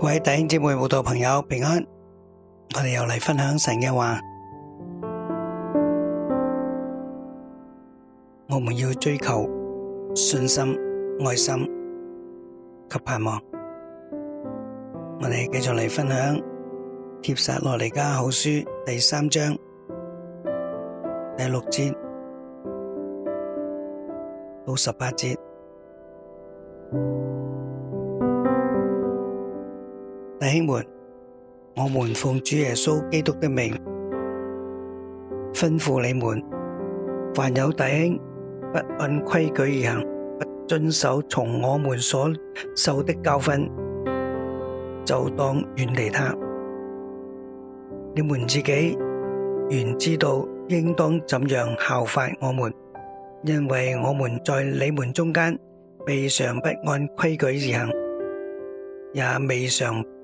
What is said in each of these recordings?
各位弟兄姊妹、慕道朋友平安，我哋又嚟分享神嘅話，我們要追求信心、愛心及盼望。我哋繼續嚟分享《帖撒羅尼迦後書》第三章第六節到十八節。弟兄們，我們奉主耶穌基督的名吩咐你們，凡有弟兄不按規矩而行，不遵守從我們所受的教訓，就當遠離他。你們自己原知道應當怎樣效法我們，因為我們在你們中間未嘗不按規矩而行，也未嘗。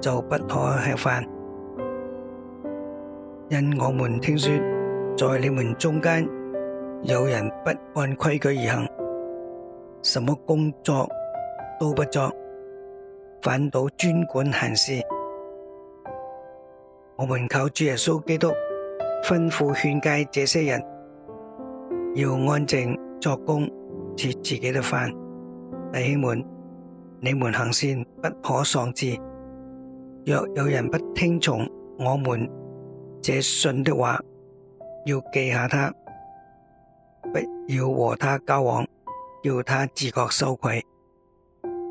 就不可吃飯，因我們聽說在你們中間有人不按規矩而行，什麼工作都不作，反倒專管閒事。我們靠主耶穌基督吩咐勸戒這些人，要安靜作工，吃自己的飯。弟兄們，你們行善不可喪志。若有人不聽從我們這信的話，要記下他，不要和他交往，要他自覺羞愧。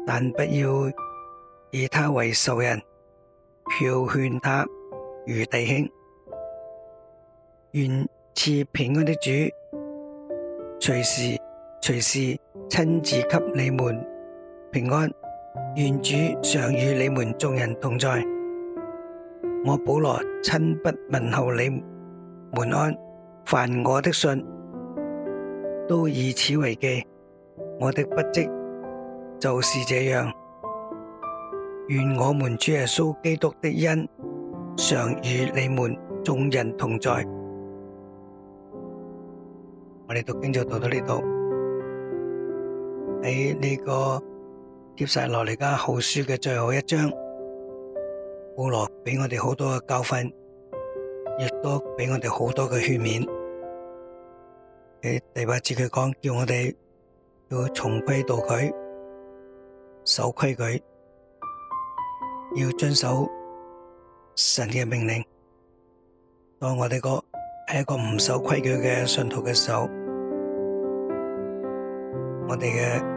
但不要以他為仇人，要勸他如弟兄。願賜平安的主，隨時隨時親自給你們平安。願主常與你們眾人同在。我保羅親筆問候你們安，凡我的信都以此為記。我的筆迹就是這樣。願我們主耶穌基督的恩常與你們眾人同在。我哋讀經就讀到呢度，喺呢個。帖撒羅尼迦後書嘅最後一章，保羅俾我哋好多嘅教訓，亦都俾我哋好多嘅勸勉。喺第八節佢講，叫我哋要從規蹈矩、守規矩，要遵守神嘅命令。當我哋個係一個唔守規矩嘅信徒嘅時候，我哋嘅。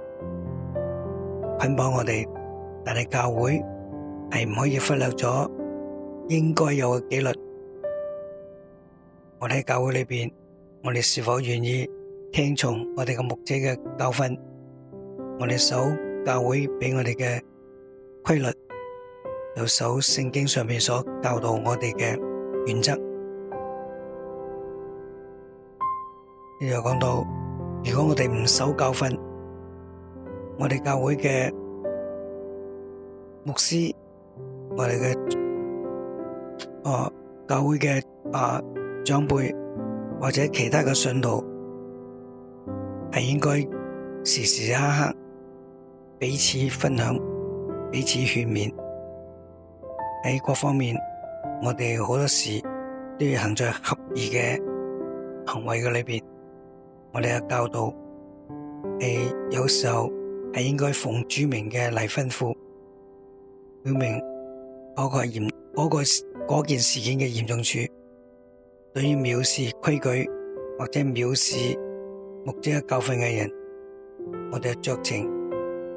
捆綁我哋，但係教會係唔可以忽略咗應該有嘅紀律。我哋喺教會裏邊，我哋是否願意聽從我哋嘅牧者嘅教訓？我哋守教會俾我哋嘅規律，又守聖經上面所教導我哋嘅原則呢。又講到，如果我哋唔守教訓。我哋教會嘅牧師，我哋嘅哦教會嘅啊長輩或者其他嘅信徒，係應該時時刻刻彼此分享、彼此勸勉。喺各方面，我哋好多時都要行在合意嘅行為嘅裏邊。我哋嘅教導係、哎、有時候。係應該奉主名嘅嚟吩咐，表明嗰個嚴、嗰個、嗰件事件嘅嚴重處。對於藐視規矩或者藐視牧者嘅教訓嘅人，我哋係酌情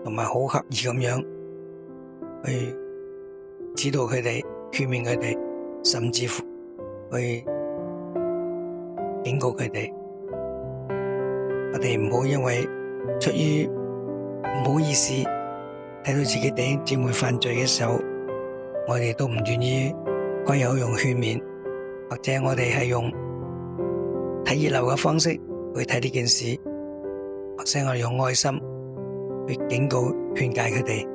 同埋好刻意咁樣去指導佢哋、勸勉佢哋，甚至乎去警告佢哋。我哋唔好因為出於唔好意思，睇到自己弟兄姊妹犯罪嘅時候，我哋都唔願意去有用勸勉，或者我哋係用睇熱鬧嘅方式去睇呢件事，或者我哋用愛心去警告勸戒佢哋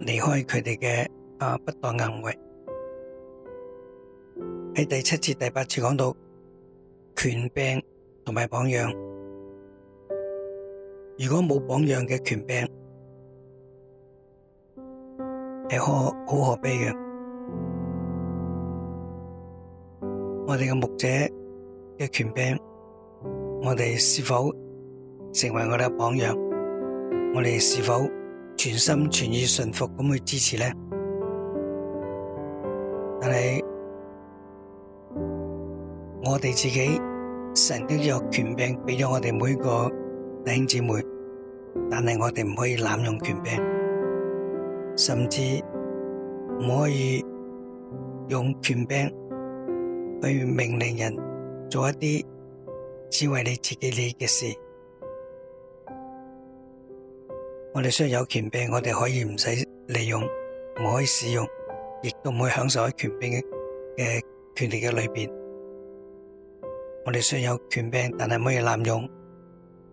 離開佢哋嘅啊不當行為。喺第七節、第八節講到權柄同埋榜樣。如果冇榜樣嘅權柄，係可好可悲嘅。我哋嘅牧者嘅權柄，我哋是否成為我哋嘅榜樣？我哋是否全心全意順服咁去支持咧？但係我哋自己，神都有呢個權柄俾咗我哋每個。弟兄姊妹，但係我哋唔可以濫用權柄，甚至唔可以用權柄去命令人做一啲只為你自己利益嘅事。我哋雖然有權柄，我哋可以唔使利用，唔可以使用，亦都唔可以享受喺權柄嘅權利嘅裏面。我哋雖然有權柄，但係唔可以濫用。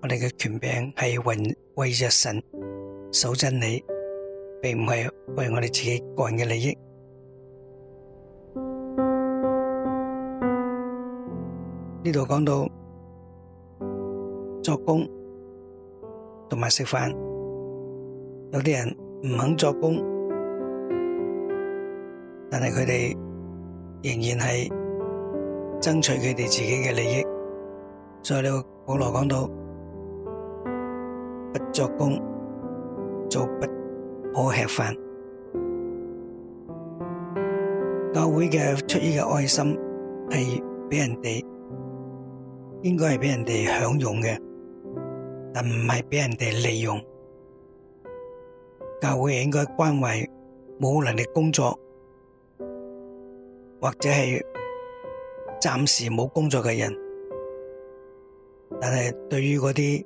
我哋嘅權柄係為為着神守真理，並唔係為我哋自己個人嘅利益。呢度講到做工同埋食飯，有啲人唔肯做工，但係佢哋仍然係爭取佢哋自己嘅利益。所以呢個保羅講到。做工就不可吃飯。教會嘅出於嘅愛心係俾人哋，應該係俾人哋享用嘅，但唔係俾人哋利用。教會應該關懷冇能力工作或者係暫時冇工作嘅人，但係對於嗰啲。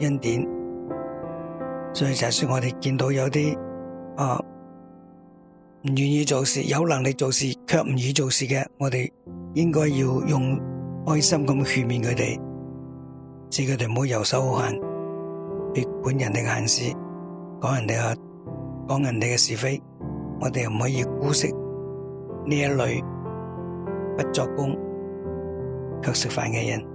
恩典，所以就係我哋見到有啲啊，唔願意做事、有能力做事卻唔願意做事嘅，我哋應該要用愛心咁勸勉佢哋，使佢哋唔好遊手好閒，別管人哋嘅閒事講人哋啊，講人哋嘅是非，我哋又唔可以姑息呢一類不作工卻食飯嘅人。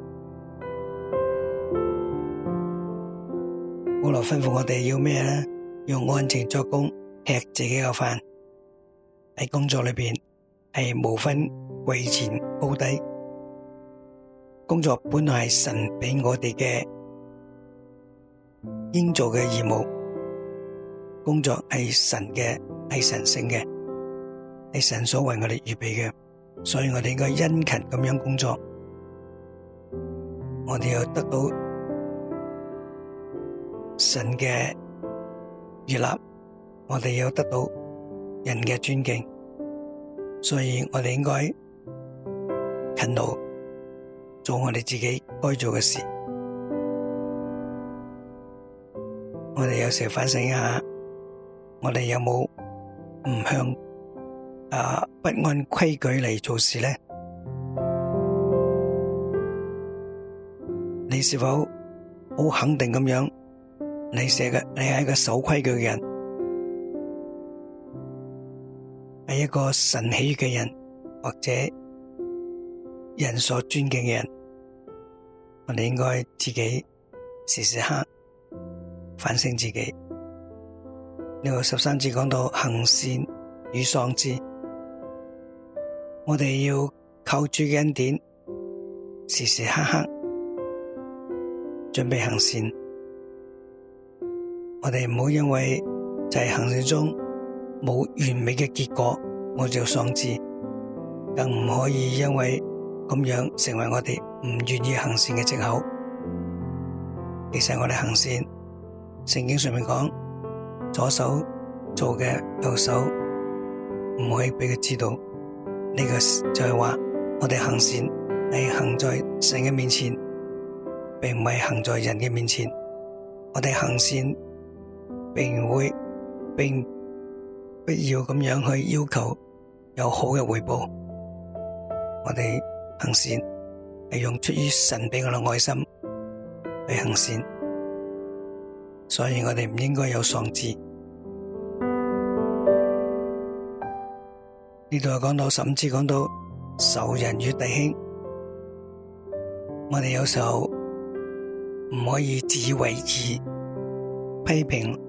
保羅吩咐我哋要咩咧？要安靜做工，吃自己嘅飯。喺工作裏邊係無分貴賤高低。工作本來係神俾我哋嘅應做嘅義務。工作係神嘅，係神聖嘅，係神所為我哋預備嘅。所以我哋應該殷勤咁樣工作，我哋要得到神嘅倚立，我哋要得到人嘅尊敬，所以我哋應該勤勞做我哋自己該做嘅事。我哋有時反省一下，我哋有冇唔向啊，不按規矩嚟做事呢？你是否好肯定咁樣？你寫嘅，你係一個守規矩嘅人，係一個神喜悅嘅人，或者人所尊敬嘅人，我哋應該自己時時刻反省自己。呢個十三字講到行善與喪志，我哋要靠住恩典，時時刻刻準備行善。我哋唔好因為就係行善中冇完美嘅結果，我就喪志，更唔可以因為咁樣成為我哋唔願意行善嘅借口。其實我哋行善，聖經上面講，左手做嘅右手唔可以俾佢知道。呢個就係話我哋行善，係行在神嘅面前，並唔係行在人嘅面前。我哋行善。並唔會，並必要咁樣去要求有好嘅回報。我哋行善係用出於神俾我嘅愛心去行善，所以我哋唔應該有喪志。呢度又講到十五節，講到仇人與弟兄，我哋有時候唔可以自以為義，批評。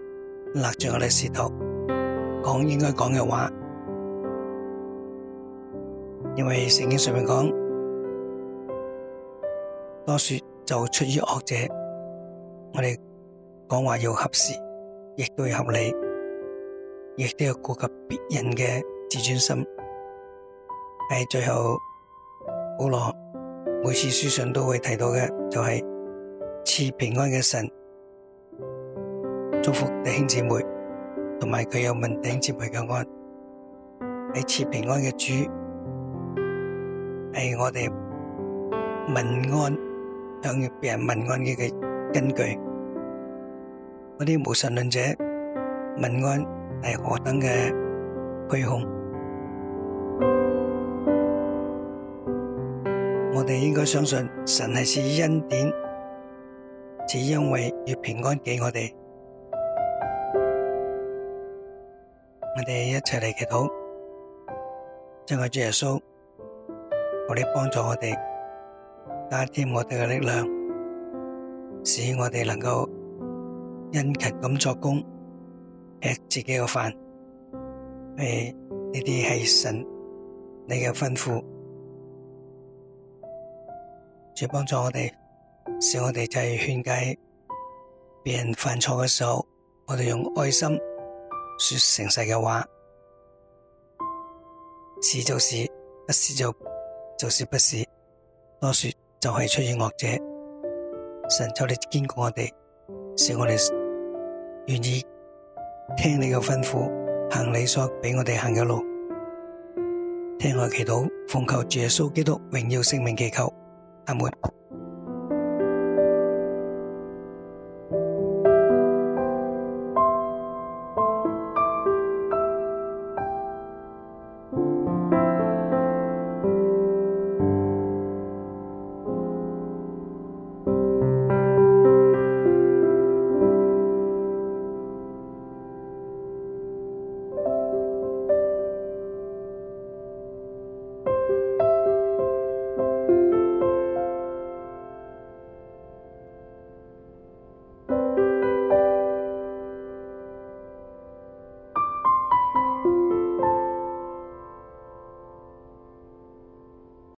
勒住我哋舌頭，講應該講嘅話，因為聖經上面講，多說就出於惡者。我哋講話要合時，亦都要合理，亦都要顧及別人嘅自尊心。喺最後，保羅每次書上都會提到嘅就係、是、賜平安嘅神。祝福弟兄姊妹，同埋佢有問弟兄姊妹嘅安。賜平安嘅主係我哋問安、向別人問安嘅嘅根據。嗰啲無神論者問安係何等嘅虛空？我哋應該相信神係賜恩典，只因為要平安俾我哋。我哋一齊嚟祈禱，真係主耶穌，我哋幫助我哋，加添我哋嘅力量，使我哋能夠殷勤咁作工，吃自己嘅飯。誒，呢啲係神你嘅吩咐，主幫助我哋，使我哋就係勸解別人犯錯嘅時候，我哋用愛心。說成世嘅話，就是就是，不是就就是不是，多說就係出於惡者。神求你堅固我哋，使我哋願意聽你嘅吩咐，行你所俾我哋行嘅路。聽我祈禱，奉求耶穌基督榮耀聖名，祈求。阿門。